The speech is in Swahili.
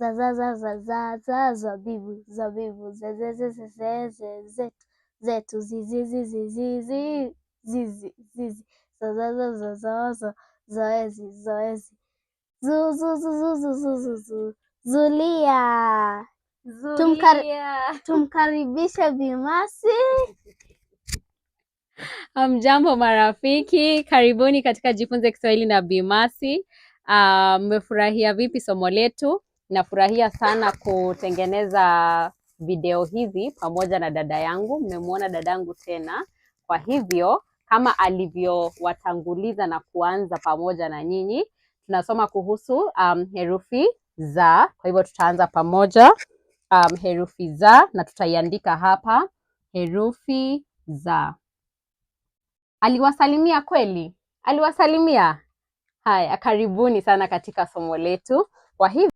za za za za za za zabibu zabibu zetu zetu za za za za za zoezi zoezi zuzuzuzuzuzuzu zulia tumkaribishe Bimasi. Mjambo marafiki, karibuni katika Jifunze Kiswahili na Bimasi. Mmefurahia uh, vipi somo letu? Nafurahia sana kutengeneza video hizi pamoja na dada yangu. Mmemwona dadangu tena, kwa hivyo kama alivyowatanguliza na kuanza pamoja na nyinyi, tunasoma kuhusu um, herufi za. Kwa hivyo tutaanza pamoja um, herufi za, na tutaiandika hapa herufi za. Aliwasalimia kweli, aliwasalimia. Haya, karibuni sana katika somo letu. Kwa hivyo